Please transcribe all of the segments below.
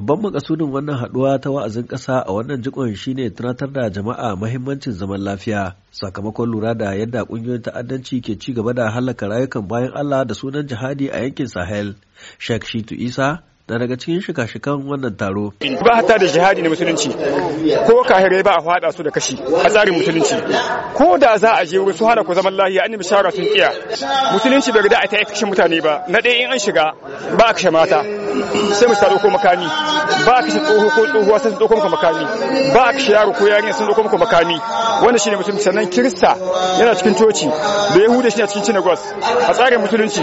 Babban makasudin wannan haduwa ta wa'azin ƙasa a wannan jikon shine tunatar da jama'a mahimmancin zaman lafiya sakamakon lura da yadda ƙungiyoyin ta'addanci ke ci gaba da halaka rayukan bayan Allah da sunan jihadi a yankin Sahel. Sheikh Shitu Isa da daga cikin shika-shikan wannan taro. Ba hata da jihadi na musulunci ko kahirai ba a fada su da kashi a tsarin musulunci ko da za a je wurin su hana ku zaman lahiya an shara sun kiya musulunci bai rida a ta kashe mutane ba na ɗaya in an shiga ba a kashe mata sai mu sa makami ba a kashe tsoho ko tsohuwa sai sun doko maka makami ba a kashe yaro ko yarinya sun doko maka makami wanda shine mutum sannan kirista yana cikin coci da yahuda shi a cikin cinagos a tsarin musulunci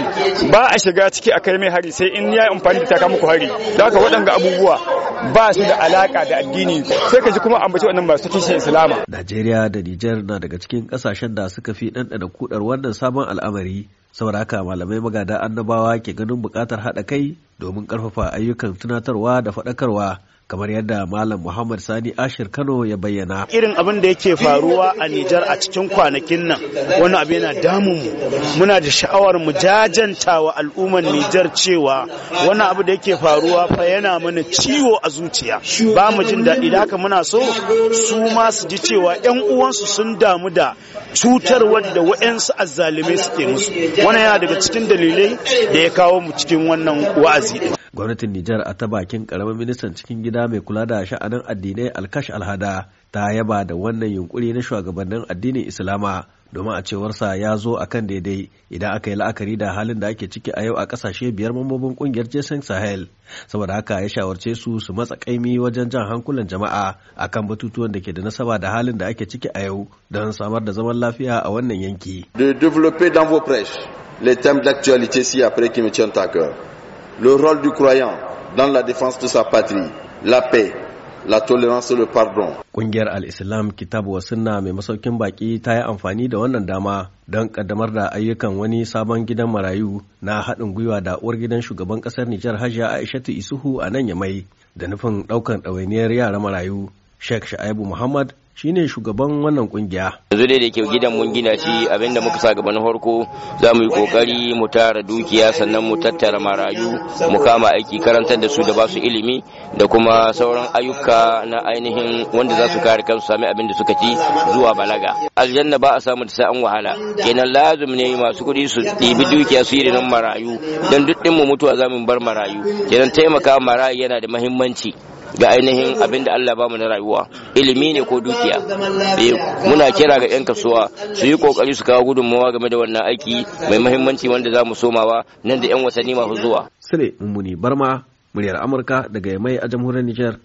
ba a shiga ciki a kai mai hari sai in ya yi amfani da taka muku hari da haka waɗanga abubuwa ba su da alaka da addini sai ka ji kuma ambaci wannan masu kishin islama najeriya da nijar na daga cikin kasashen da suka fi ɗanɗana kudar wannan sabon al'amari saboda haka malamai magada annabawa ke ganin bukatar haɗa kai domin ƙarfafa ayyukan tunatarwa da faɗakarwa kamar yadda Malam Muhammad Sani Ashir Kano ya bayyana. Irin abin da yake faruwa a Nijar a cikin kwanakin nan wani abu yana damun mu. Muna da sha'awar mu jajanta wa al'ummar Nijar cewa wani abu da yake faruwa fa yana mana ciwo a zuciya. Ba mu jin daɗi da haka muna so su ma su ji cewa 'yan uwansu sun damu da cutar wadda wa'yansu azzalumai suke musu. wani yana daga cikin dalilai da ya kawo mu cikin wannan wa'azi. gwamnatin Nijar a ta bakin karamin ministan cikin gida mai kula da sha'anin addinai Alkash Alhada ta yaba da wannan yunkuri na shugabannin addinin Islama domin a cewarsa ya zo a kan daidai idan aka yi la'akari da halin da ake ciki a yau a kasashe biyar mambobin ƙungiyar Jason Sahel saboda haka ya shawarce su su matsa kaimi wajen jan hankulan jama'a akan batutuwan da ke da nasaba da halin da ake ciki a yau don samar da zaman lafiya a wannan yanki. De développer dans vos prêches les thèmes d'actualité après me tiennent à le rôle du croyant dans la défense de sa patrie, la paix, la tolérance et le pardon. Kungiyar Al-Islam Kitabu wa Sunna mai masaukin baki ta yi amfani da wannan dama don kaddamar da ayyukan wani sabon gidan marayu na haɗin gwiwa da uwar gidan shugaban ƙasar Nijar Hajiya Aishatu Isuhu a nan Yamai da nufin ɗaukar ɗawainiyar yara marayu Sheikh Sha'ibu Muhammad shine shugaban wannan kungiya. Yanzu dai da ke gidan mun gina shi abinda muka sa gaban harko za mu yi kokari mu tara dukiya sannan mu tattara marayu mu kama aiki karantar da su da basu ilimi da kuma sauran ayyuka na ainihin wanda za su kare kansu sami abin da suka ci zuwa balaga. Aljanna ba a samu ta sai an wahala kenan lazim ne masu kuɗi su ɗibi dukiya su yi nan marayu don duk mu mutuwa za mu bar marayu kenan taimaka marayu yana da mahimmanci. ga ainihin abin da Allah ba mu na rayuwa ilimi ne ko dukiya eh, muna kira ga 'yan kasuwa su yi kokari su kawo gudunmawa game da wannan aiki mai mahimmanci wanda za mu somawa nan da 'yan wasanni masu zuwa. mun Mummuni Barma, muryar Amurka daga Yamai a jamhuriyar Nijar.